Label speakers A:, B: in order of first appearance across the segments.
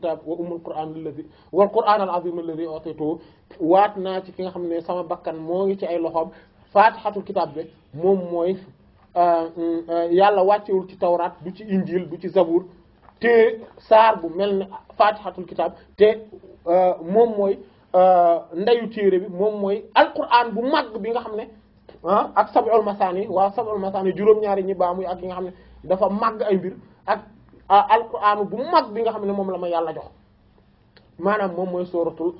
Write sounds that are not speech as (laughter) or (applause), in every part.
A: كتاب وام القران الذي والقران العظيم الذي اعطيته واتنا في كيغا خامني سما بكان موغي شي اي لوخوم فاتحه الكتاب بي موم موي ا يالا واتيول شي تورات دو شي انجيل دو شي زبور تي سار بو ملني فاتحه الكتاب تي موم موي ا ندايو تيري بي موم موي القران بو ماغ بيغا خامني ا ak sabul masani wa sabul masani jurom ñaari ñi ak nga xamne dafa mag ay mbir ak alquran bu mag bi nga xamne mom moom la ma yàlla jox maanaam moom mooy sóoratul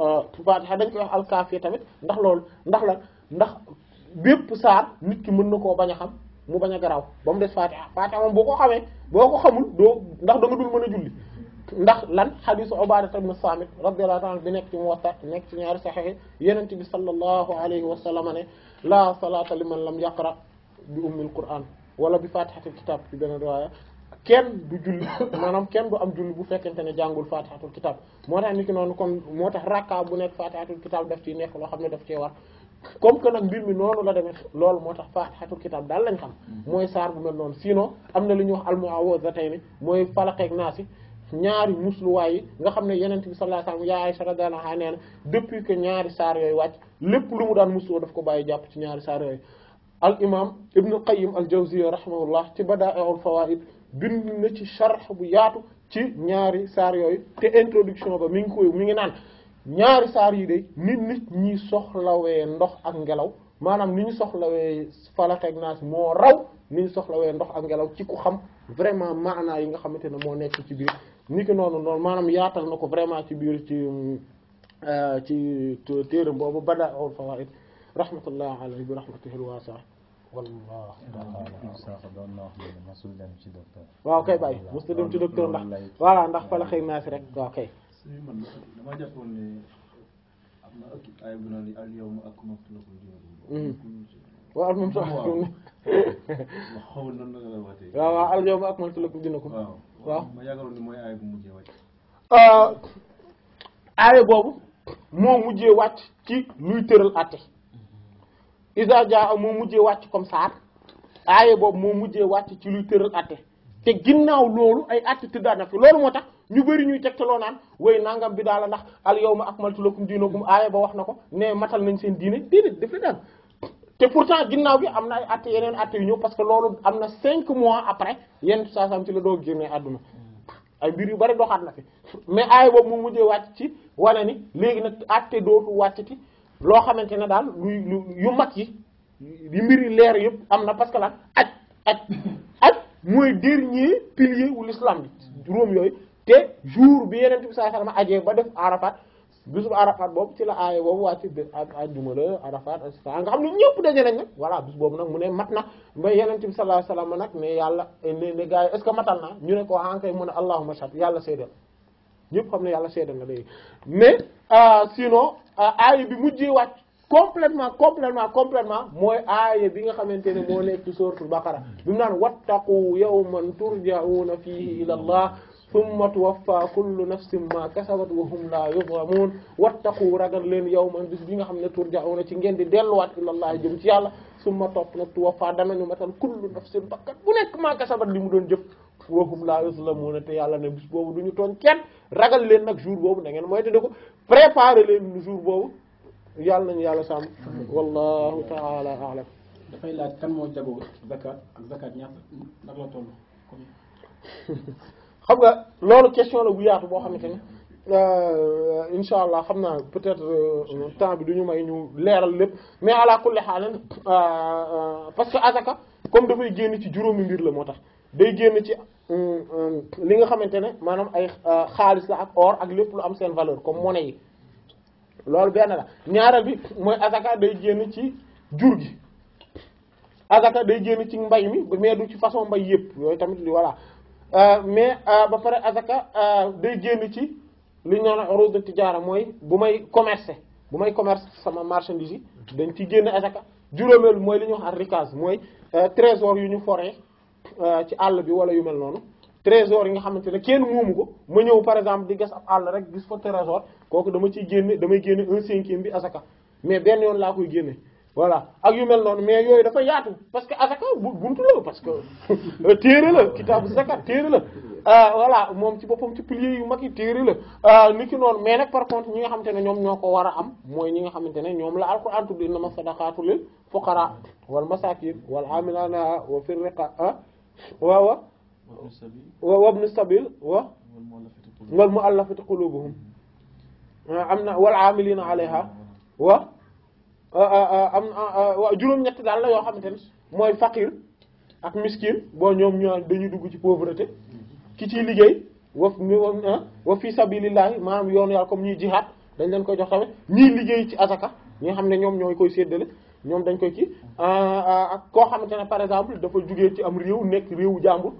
A: fatiha dañ koy wax alkaafiya tamit ndax loolu ndax la ndax bépp saar nit ki mën nako baña xam mu baña graw garaaw def fatiha fatiha mom boko xamé boko xamul do ndax da nga dul mën julli ndax lan xadisu Ubaadata ibn Saamit radiyallahu ta'ala bi nek ci Muwatta nek ci ñaar saxiix yenenti bi sallallahu alayhi wa sallam ne la salata liman lam yaqra bi ummi alquran wala bi fatihati alkitab bi benn riwaaya kenn du julli maanaam kenn du am julli bu fekkente ne jàngul fatihatul kitab moo tax nit ki noonu comme moo tax rakka bu nekk fatihatul kitab daf ciy nekk loo xam ne daf cee war comme que nag mbir mi noonu la demee loolu moo tax fatihatul kitab daal lañ xam mooy saar bu mel noonu sinon am na lu ñuy wax almuawwazatayni mooy falaqeeg naasi ñaari musluwaay yi nga xam ne yenent bi sallallahu alayhi wasallam yaa Aysa radiyallahu anha nee na depuis que ñaari saar yooyu wàcc lépp lu mu daan muslu daf ko bàyyi jàpp ci ñaari saar yooyu al imam ibnu qayyim al jawziyya rahimahullah ci badaa'ul fawaa'id bind na ci sharh bu yaatu ci ñaari saar yooyu te introduction ba mi ngi koy mi ngi naan ñaari saar yi de nit nit ñi soxlawee ndox ak ngelaw maanaam ni ñu soxlawee falaq ak naas moo raw ni ñu soxlawee ndox ak ngelaw ci ku xam vraiment maanaa yi nga xamante ne moo nekk ci biir ni ki noonu noonu maanaam yaatal na ko vraiment ci biir ci euh, ci téeram boobu Badaa'ul Fawaa'id rahmatullah alayhi bi rahmatihi al-waasi'a والله الله الله اوكي باي مسلم تي دكتور ندا فوالا ندا فا لا خي ماس ريك اوكي سيما دا ما جاتوني ابنا اكيد ايبنا لي اليوم اكملت لكم دينكم واه اليوم اكملت لكم دينكم واه ما يغالوني موي ايب مجي وات اه ايب بوبو مو مجي وات تي لوي تيرال اتي isa jaa moo mujjee wàcc comme saar aaye boobu moo mujjee wàcc ci luy tëral atte te ginnaaw loolu ay atte tëddaa na fi loolu moo tax ñu bëri ñuy tegtaloo naan way nangam bi daal ndax al yawma akmaltu lakum diinakum aaye ba wax na ko ne matal nañ seen diine déedéet daf la daan te pourtant ginnaaw bi am na ay atte yeneen atte yu ñëw parce que loolu am na cinq mois après yenn saa sam ci la doog génnee àdduna ay mbir yu bari doxaat na fi mais aaye moo mujjee wàcc ci wane ni léegi nag atte dootu wàccati loo xamante ne daal yu mag yi yu mbiri leer yëpp am na parce que lan aj aj aj mooy dernier pilier wu l'islam bi juróom yooyu te jour bi yeneen bi sallallahu alayhi wasallam ajee ba def arafat bisub arafat boobu ci la aaye boobu waa ci ajjuma la arafat et cetera nga xam ne ñëpp daje nañ nag voilà bis boobu nag mu ne mat na ba yeneen bi sallallahu alayhi wasallam nag ne yàlla ne ne gars yi est ce matal na ñu ne ko ankay ah, mu ne allahumma shahid yàlla seedal ñëpp xam ne yàlla seedal na léegi euh, aaya bi mujjee wàcc complètement complètement complètement mooy aaya bi nga xamante ne moo nekk ci suuratul baqara bi mu naan wattaqu yawman turja'una fihi ila allah summa tuwaffa kullu nafsin ma kasabat wa hum la yuzlamun wattaqu ragal leen yawman bis bi nga xam ne turja'una ci ngeen di delluwaat ila allah jëm ci yàlla summa top nag tuwaffa danañu matal kullu nafsin bakkat bu nekk ma kasabat li mu doon jëf وهم لا يظلمون تيالا نبس بوب دو ني تون كين راغال لين نك جور بوب نغن موي تي دكو بريبار لين ني جور بوب يال نني يالا سام والله تعالى اعلم دا فاي لا كان مو جابو زكاه اك زكاه نياف نك لا تولو خمغا لولو كيسيون لا بو ياتو بو خامي تاني eh inshallah xamna peut-être euh, temps bi duñu may ñu léral lepp mais ala kulli halen euh, euh parce que azaka comme dafay génn ci juroomi mbir la day génn ci euh, euh, li nga xamante ne maanaam ay euh, xaalis la ak or ak lépp lu am seen valeur comme monnaie yi loolu benn la ñaareel bi mooy azaka day génn ci jur gi azaka day génn ci mbay mi mais du ci façon mbay yépp yooyu tamit li voilà mais ba pare azaka day génn ci li ñu naan urud de tijaara mooy bu may commercer bu may commerce sama marchandise yi dañ ci génn azaka juróomeel mooy li ñu wax ar mooy trésor yu ñu foree Euh, ci àll bi wala yu mel noonu trésor yi nga xamante ne kenn moomu ko ma ñëw par exemple di gas ab àll rek gis fa trésor kooku dama ciy génne damay génne un cinquième bi asaka mais benn yoon laa koy génne voilà ak yu noonu mais yooyu dafa yaatu parce que asaka buntu la parce que (laughs) euh, moom ci boppam ci piliers yu mag yi téere la euh, ni ki noonu mais nag par contre ñi nga xamante ne ñoom ñoo ko war a am mooy ñi nga xamante ne ñoom la alquran tudd innamas sadaqatu lil fuqara wal masakin wal amilina wa fi riqa ah. waaw wa wa wabnu sabil wa wa mu'allafati qulubuhum ah, am na wal amilina alayha wa ah, ah, am wa juróom-ñett daal la yoo xamante ne mooy faqir ak miskin boo ñoom ñoo dañuy dugg ci pauvreté ki ciy liggéey wa wa fi sabilillahi maanaam yoonu yàlla comme ñuy jihaad dañ leen koy jox tamit ñiy liggéey ci asaka ñi nga xam ne ñoom ñooy koy séddale ñoom dañ koy kii euh, euh, ak koo xamante ne par exemple dafa jugee ci am réew nekk réewu jàmbur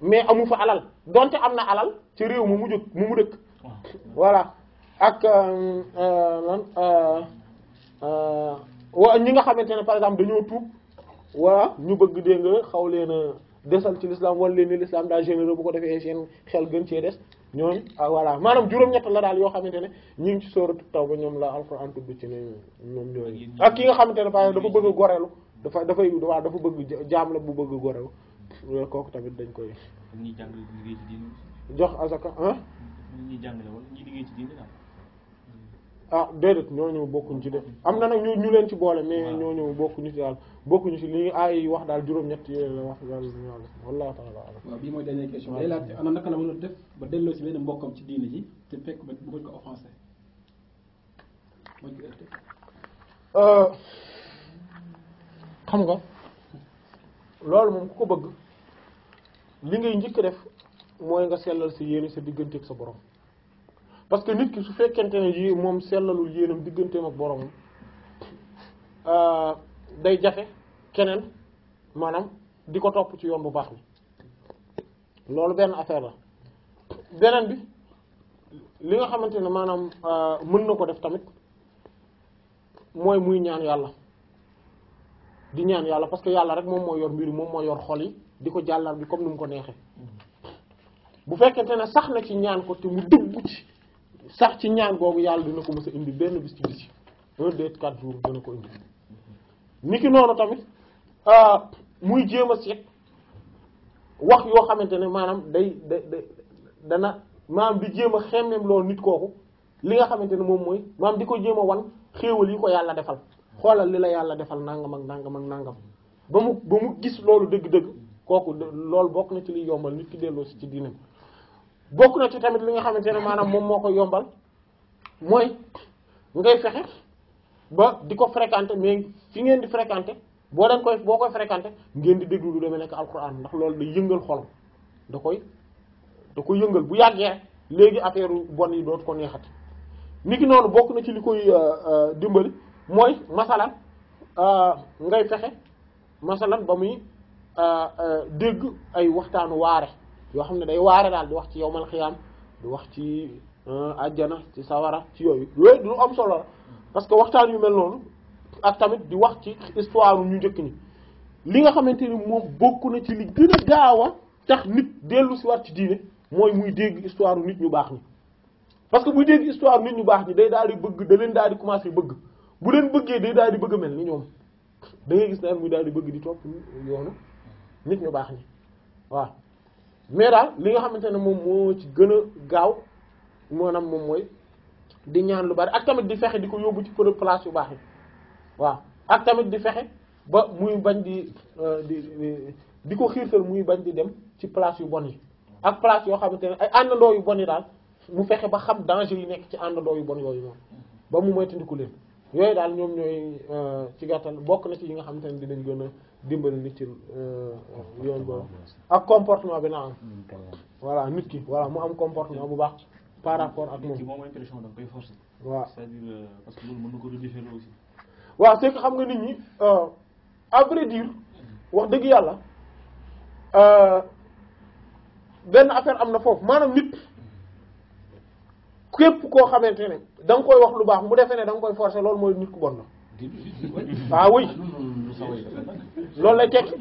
A: mais amu fa alal donte am na alal ci réew mu mu jóg mu mu dëkk voilà ak euh, lan wa ñi nga xamante ne par exemple dañoo tuub wala ñu bëgg dégg nga xaw leen a desal ci l'islam wala leen ni l'islam daa généreux bu ko defee seen xel gën cee des ñooñu ah, voilà maanaam juróom-ñett la daal yoo xamante ne ñu ngi ci taw Tawba ñoom la Alxuraan tudd ci ne ñoom ñooñu ak ki nga xamante ne par exemple dafa bëgg gorelu dafa dafay waaw dafa bëgg jaam la bu bëgg gorelu euh, kooku tamit dañ koy jox asaka ah ñi jàngale wala ñi liggéey ci diine ah ñoo ñooñu bokkuñ ci de am na nag ñu ñu leen ci boole mais ñooñu bokkuñu ci daal bokkuñu ci li ay wax daal juróom-ñett yooyu la wax bii mooy dernière question day laaj ana la mën a def ba delloo ci benn mbokkam ci diine ji te fekk ba euh, nga loolu moom ku ko bëgg li ngay njëkk def mooy nga sellal sa yéene sa diggante sa borom parce que nit ki su fekkente ne ji moom sellalul yéenam digganteem ak boroomam euh, day jafe keneen maanaam di ko topp ci yoon bu baax bi loolu benn affaire la beneen bi li nga xamante ne maanaam euh, mën na ko def tamit mooy muy ñaan yàlla di ñaan yàlla parce que yàlla rek moom moo yor mbir moom moo yor xol yi di ko jàllar bi comme ni mu ko neexee bu fekkente ne sax na ci ñaan ko te mu dugg ci sax ci ñaan googu yàlla dina ko mës a indi benn bis ci bis un deux quatre jours dina ko indi niki noonu tamit euh, muy jéem a seet wax yoo xamante ne maanaam day day day dana maanaam di jéem a xemmem loolu nit kooku li nga xamante ne moom mooy maam di ko jéem a wan xéewal yi ko yàlla defal xoolal li la yàlla defal nangam ak nangam ak nangam ba mu ba mu gis loolu dëgg-dëgg kooku loolu bokk na ci liy yombal nit ki delloo si ci diinam bokk na ci tamit li nga xamante ne maanaam moom moo ko yombal mooy ngay fexe ba di ko fréquenter mais fi ngeen di fréquenter boo leen koy boo koy fréquenter ngeen di déglu lu demee nekk alxuraan ndax loolu day yëngal xolam da koy da ko yëngal bu yàggee léegi affaire bon yi dootu ko neexati. nit ki noonu bokk na ci li koy euh, euh, dimbali mooy masalan euh, ngay fexe masalan ba muy dégg ay waxtaanu waare. yoo xam ne day waare daal di wax ci yowmal xiyaam di wax ci ajjana euh, ci sawara ci yooyu yooyu du am solo parce que waxtaan yu mel noonu ak tamit di wax ci histoire ñu njëkk ni li nga xamante ni moom bokk na ci li gën a gaaw tax nit dellu si waat ci diine mooy muy dégg histoire nit ñu baax ñi parce que buy dégg histoire nit ñu baax ñi day daal di bëgg da leen daal di commencer bëgg bu leen bëggee day daal di bëgg mel ni ñoom da ngay gis naan muy daal di bëgg di topp yoonu nit ñu baax ñi waaw mais daal li nga xamante ne moom moo ci gën a gaaw maanaam moom mooy di ñaan lu bari ak tamit di fexe di ko yóbbu ci place yu baax yi waaw ak tamit di fexe ba muy bañ euh, di di di ko xiirtal muy bañ di dem ci place yu bon yi ak place yoo xamante ne ay àndandoo yu bon yi daal mu fexe ba xam danger yi nekk ci àndandoo yu bon yooyu moom ba mu moytandiku leen yooyu daal ñoom ñooy euh, ci gàttal bokk na ci yi nga xamante ne dinañ gën a dimbali nit ci euh, yoon boobu ak comportement bi na am mm, voilà nit ki voilà mu am comportement bu baax par rapport ak moom waaw c'est-à-dire euh, parce que loolu mën na ko redéfinir aussi waaw xam nga nit ñi à vrai wax dëgg yàlla benn affaire am na foofu maanaam nit képp koo xamante ne da nga koy wax lu baax mu defee ne da koy forcer loolu mooy nit ku bon la ah oui loolu lay tekki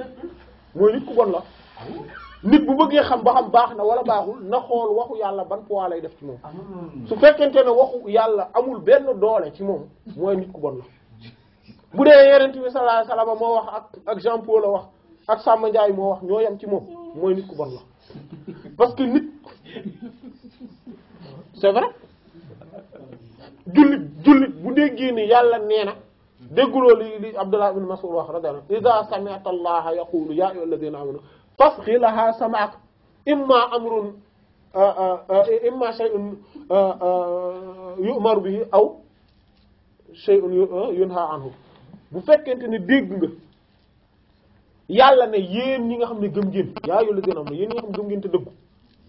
A: mooy nit ku bon la nit bu bëggee xam ba xam baax na wala baaxul na xool waxu yàlla ban poids lay def ci moom su fekkente ne waxu yàlla amul benn doole ci moom mooy nit ku bon la bu dee yonent bi sallallahu alayhi moo wax ak ak Jean la wax ak Samba Ndiaye moo wax ñoo yem ci moom mooy nit ku bon la parce que nit c'est vrai jullit jullit bu déggee ni yàlla nee na dégguloo li li Abdullah ibn Mas'ud wax radiyallahu anhu iza sami'ta allaha yaqulu ya ayyuha alladhina amanu fasghi laha sam'ak imma amrun imma shay'un yu'maru bihi aw shay'un yunha anhu bu fekkente ne dégg nga yàlla ne yéen ñi nga xam ne gëm ngeen yaa ayyuha alladhina amanu yéen ñi nga xam ne gëm ngeen te dëggu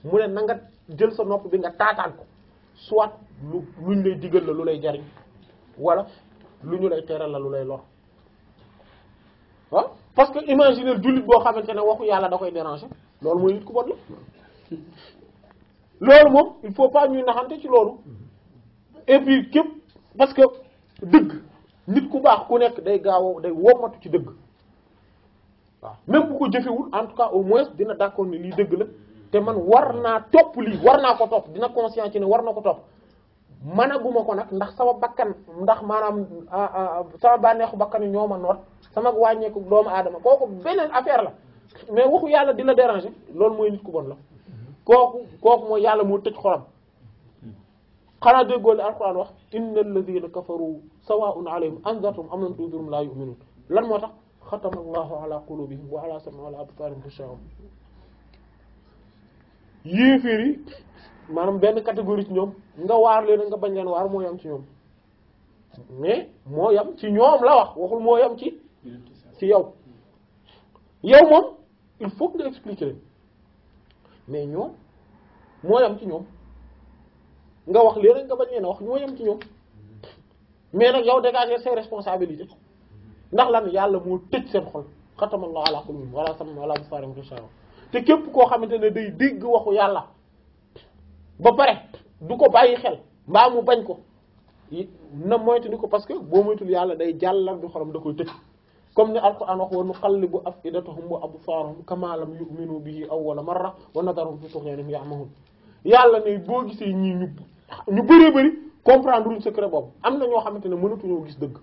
A: mu ne na nga jël sa nopp bi nga taataan ko soit lu luñ lay digal la lu lay jariñ wala lu ñu lay teral la lu lay lor ah parce que imaginer jullit boo xamante ne waxu yàlla da koy déranger loolu mooy nit ku bon la loolu moom il faut pas ñuy naxante ci loolu et puis képp parce que dëgg nit ku baax ku nekk day gaaw day wommatu ci dëgg waaw même bu ko jëfewul en tout cas au moins dina d'accord ni lii dëgg la te man war naa topp lii war naa ko topp dina conscient ci ne war na ko topp managuma ko nag ndax sama bakkan ndax maanaam ah, ah, sama bànneexu bakkan yi ñoo ma noot sama wàññeeku doomu aadama kooku beneen affaire la mais waxu yàlla dina dérangé déranger loolu mooy nit ku bon la kooku kooku mooy yàlla moo tëj xolam xanaa déggoo li alquran wax inna alladina kafaru sawaun alayhim am lam tunzirum la yu'minun lan moo tax xatama allahu ala qulubihim wa ala sam'ihim wa ala absarihim yéeféer yi maanaam benn catégorie ci ñoom nga waar leen nga bañ leen waar moo yam ci ñoom mais moo yam ci ñoom la wax waxul moo yam ci ci yow yow moom il faut nga expliquer leen mais ñoom moo yam ci ñoom nga wax leen nga bañ leen wax ñoo yam ci ñoom mais nag yow dégager ses responsabilités ndax lan yàlla moo tëj seen xol xatamallahu ala qulubihim wa ala sam'ihim wa ala absarihim te képp koo xamante ne day dégg waxu yàlla ba pare du ko bàyyi xel mbaa mu bañ ko na moytuñu ko parce que boo moytul yàlla day jàllar bi xorom da koy tëj comme ni alquran wax wa nuqallibu afidatahum wa absaarahum kama lam yu'minu bihi awwala marra wa nadarahum fi tughyanihim ya'mahun yàlla ne boo gisee ñii ñu ñu bëree bëri comprendre luñ secret boobu am na ñoo xamante ne mënatuñoo gis dëgg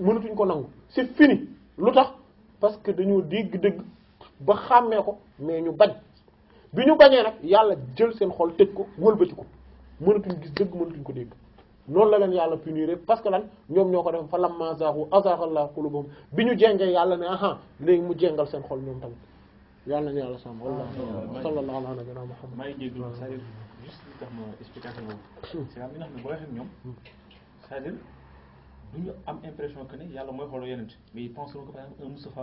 A: mënatuñ ko nangu c'est fini lu tax parce que dañoo dégg dëgg ba xàmmee ko mais ñu bañ bi ñu bañee nag yàlla jël seen xol tëj ko wëlbati ko mënatuñ gis dëgg mënatuñ ko dégg noonu la leen yàlla punir parce que lan ñoom ñoo def fa lamma zaaxu azaaxallahu qulubahum bi ñu jengee yàlla ne aha léegi mu jengal seen xol ñoom tamit yàlla na yàlla sàmm walla sallallahu ala nabiyina muhammad maa ngi jéglu juste tax ma explication boobu c'est am li nga xam ne boo waxee ak am impression que ne yàlla mooy xooloo yeneen mais ils pensent que par exemple un Moustapha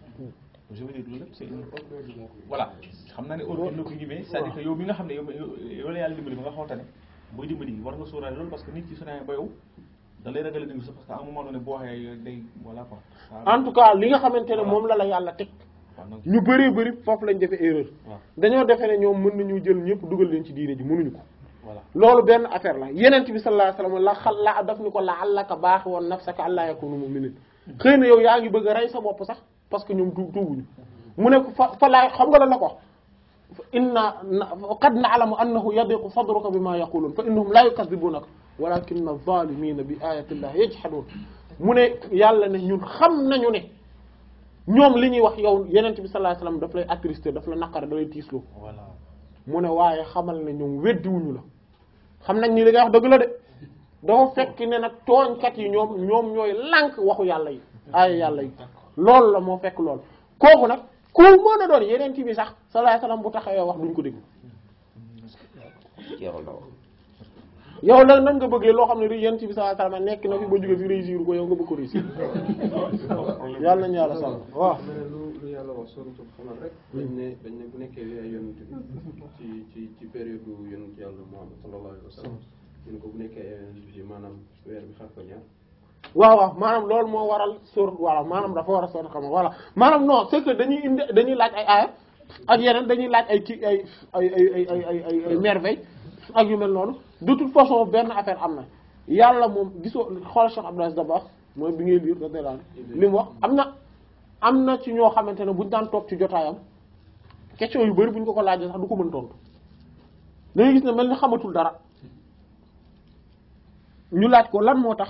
A: je veux dire loolu lépp c'est xam naa ne Europe la ko ñëwee c'est-à-dire que yow mi nga xam ne ne en tout cas li nga xamante ne moom la la yàlla teg ñu bëree bëri foofu lañ defee erreur dañoo defee ne ñoom mën nañu jël ñëpp dugal leen ci diine ji mënuñu ko voilà loolu benn affaire la yeneen bi sallallahu alayhi la xal la daf ñu ko la allaka baaxi woon nafsaka allah yakunu mu'minin hmm. xëy na yow yaa ngi bëgg a rey sa bopp sax parce que ñoom tu tuubuñu mu ne fa la xam nga la la ko inna qad na'lamu annahu yadiqu sadruka bima yaqulun fa innahum la yukazibunaka walakin adh-dhalimina bi ayati llahi yajhadun mu ne yàlla ne ñun xam nañu ne ñom li ñuy wax yow yenent bi sallallahu alayhi wasallam daf lay attristé daf la nakar da lay tiisloo mu ne waye xamal ne ñoom weddiwuñu la xam nañ ni li ngay wax dëgg la de dafa fekk ne nag tooñkat yi ñoom ñoom ñooy lànk waxu yàlla yi aaya yàlla yi loolu la moo fekk lool kooku nag ku mën a doon yeneen ti bi sax sallallahu alayhi bu bu taxawee wax duñ ko déglu yow la yow nag nga bëggee loo xam ne yeneen ti bi sallallahu a nekk na fi ba jóge fi réussir ko yow nga bëgg ko réussir yàlla nañu yàlla sàmm waaw lu yàlla wax suratul dañ ne dañ ne bu nekkee ci ci ci période yonent yàlla Muhammad sallallahu bi maanaam waaw waaw maanaam loolu moo waral sóor waaw maanaam dafa war a sóor xam voilà maanaam non c'est que dañuy indi dañuy laaj ay aaya ak yeneen dañuy laaj ay kii ay ay ay ay ay ay merveille ak yu mel noonu de toute façon benn affaire am na yàlla moom gisoo xool Cheikh Abdou Aziz Dabakh mooy bi ngay liir radiyallahu anhu li mu wax am na am na ci ñoo xamante ne buñu daan toog ci jotaayam question yu bari bu ñu ko laaj sax du ko mën tontu dañuy gis ne mel ni xamatul dara ñu laaj ko lan moo tax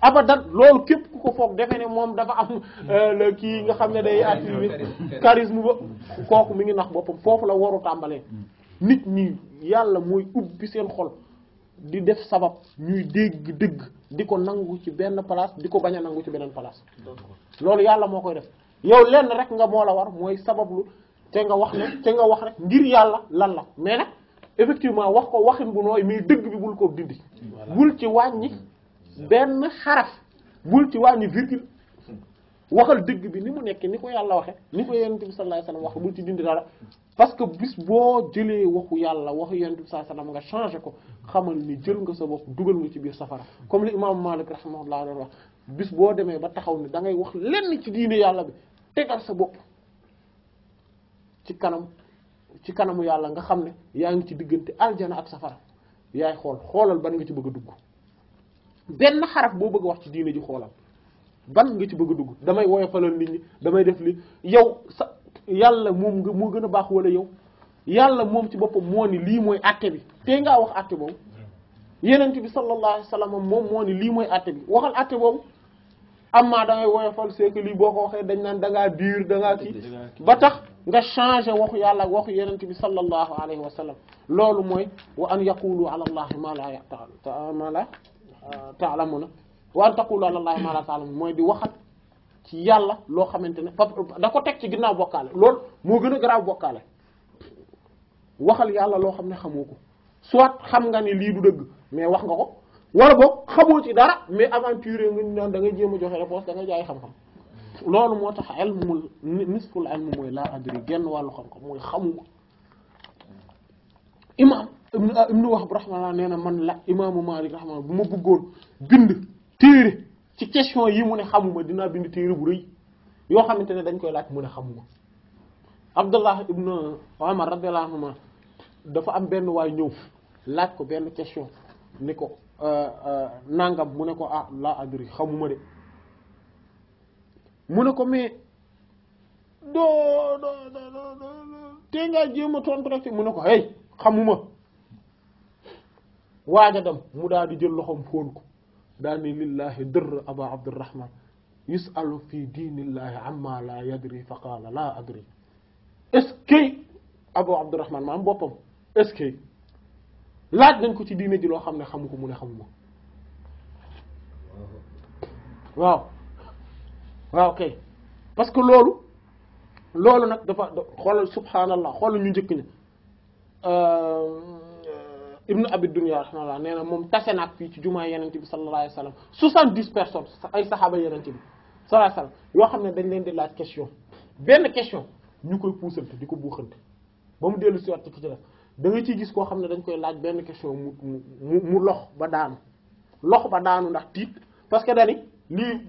A: dat loolu kep ku ko fokk defene mom dafa am hmm. euh, le ki nga xamne day hmm. attribué hmm. charisme ba kooku mi ngi nax bopam fofu la waru tambale nit ñi yalla moy ubbi seen xol di def sabab ñuy deg deg diko nangu ci benn place diko baña nangu ci benen place lolou yalla mo koy def yow len rek nga mo la war sabab lu te nga wax ne te nga wax rek ngir yalla lan la mais nak effectivement wax ko waxin bu noy mais bi bul ko dindi bul ci wañi benn xaraf bul ci ni virgule waxal dëgg bi ni mu nekk ni ko yàlla waxe ni ko yonent bi sallallahu alayhi wasallam wax bul ci dindi dara parce que bis boo jëlee waxu yàlla waxu yonent bi sa alayhi wasallam nga changé ko xamal ni jël nga sa bopp dugal nga ci biir safara comme li imam Malik rahimahullah doon wax bis boo demee ba taxaw ni da wax lenn ci diine yàlla bi tegal sa bopp ci kanam ci kanamu yàlla nga xam ne yaa ngi ci diggante aljana ak safara yaay xool xoolal ban nga ci bëgg dugg benn xaraf boo bëgg wax ci diine ji xoolal ban nga ci bëgg a dugg damay woyofalal nit ñi damay def li yow sa yàlla moom nga moo gën a baax wala yow yàlla moom ci boppam moo ni lii mooy àtte bi tey ngaa wax àtte boobu yenent bi sallallahu alayhi wa sallam moom moo ni lii mooy àtte bi waxal àtte boobu amma da ngay woyofal c'est lii boo ko waxee dañ naan da ngaa diir da ngaa ba tax nga change waxu yàlla ak waxu yenent bi sallallahu alayhi wa sallam loolu mooy wa an yaqulu ala allahi ma la ma la ta'lamuna wa an taqulu ala allahi ma la ta'lamun mooy di waxat ci yàlla loo xamante ne fa da ko teg ci ginnaaw bokkaale loolu moo gën a garaaw bokkaale waxal yàlla loo xam ne xamoo ko soit xam nga ne lii du dëgg mais wax nga ko wala boog xamoo ci dara mais aventure nga naan da ngay jéem a joxe réponse da ngay jaay xam-xam loolu moo tax ilmul nisful ilm mooy laa adri genn wàllu xam-xam mooy xamu imam ibnu ibnu Wahb rahmalah nee na man la imaamu Maalik rahmalah bu ma bëggoon bind téere ci question yi mu ne xamuma dinaa bind téere bu rëy yoo xamante ne dañ koy laaj mu ne xamuma Abdullah ibnu Umar radiyallahu anhuma dafa am benn waay ñëw laaj ko benn question ni ko nangam mu ne ko ah laa adri xamuma de mu ne ko mais doo doo doo doo tee ngaa jéem a tontu mu ne ko hey xamuma waaja dem mu daal di jël loxom fon ko daal ni lillahi dirr aba abdurrahman yusalu fi dinillahi amma la yadri fa qaala la adri est-ce abu abdurrahman man bopam est-ce que laaj ko ci dine ji lo xamne xamuko mu ne xamuma waaw waaw kay parce que lolu lolu nak dafa xol subhanallah xol ñu njëkk euh ibnu abi dunya rahimahullah nee na moom tase naag fii ci jumaa yenente bi sallallahu alayhi sa sallam soixante-dix personnes ay saxaaba yenente bi sallallahu alayhi wa sallam yoo xam ne dañ leen di laaj question benn question ñu koy puusante di ko buuxante ba mu dellu si waat ci ci def da ciy gis koo xam ne dañ koy laaj benn question mu mu mu lox ba daanu lox ba daanu ndax tiit parce que dani lii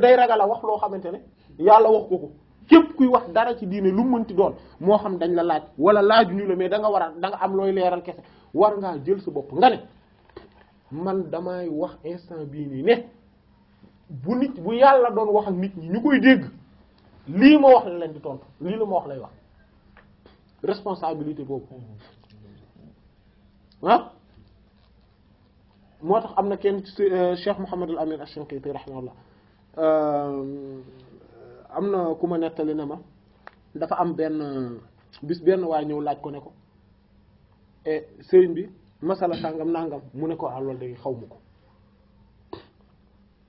A: day ragal a wax loo xamante ne yàlla wax ko ko képp kuy wax dara ci diine lu mënti doon moo xam dañ la laaj wala laaj ñu la mais danga war a danga nga am looy leeral kese war ngaa jël sa bopp nga ne man damay wax instant bii nii ne bu nit bu yàlla doon wax ak nit ñi ñu koy dégg lii ma wax la leen di tontu lii la ma wax lay wax responsabilité boobu mhm. ah moo tax am na kenn ci euh, Cheikh Mouhamadul Amin Ash-Shinqiti rahimahullah euh, am na ku ma nettali na ma dafa am benn bis benn waay ñëw laaj ko ne ko et sëriñ bi masala sàngam nangam mu ne ko ah loolu xaw ma ko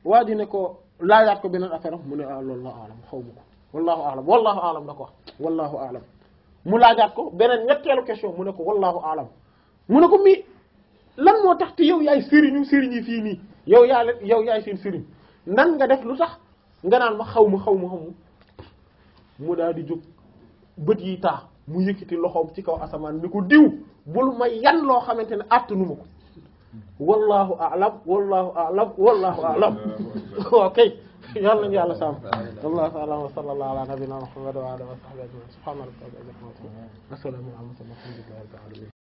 A: waa ji ne ko laajaat ko beneen affaire mu ne ah loolu la alam xaw ma ko wallahu alam wallahu alam dako ko wax wallahu alam mu laajaat ko beneen ñetteelu question mu ne ko wallahu alam mu ne ko mii lan moo tax te yow yaay sëriñu sëriñ yi fii nii yow yaa yaay seen sëriñ nan nga def lu sax nga naan ma xaw ma xaw ma xaw mu daal di jóg bët yi taax mu yëkkati loxoom ci kaw asamaan ni ko diw bul ma yan loo xamante ne attanu ma ko wallahu alam wallahu alam wallahu alam (laughs) ok yàlla nañu yàlla sàmm a alam wa sallallahu ala nabina muhammad wa ala wa sahbihi ajma'in subhanallah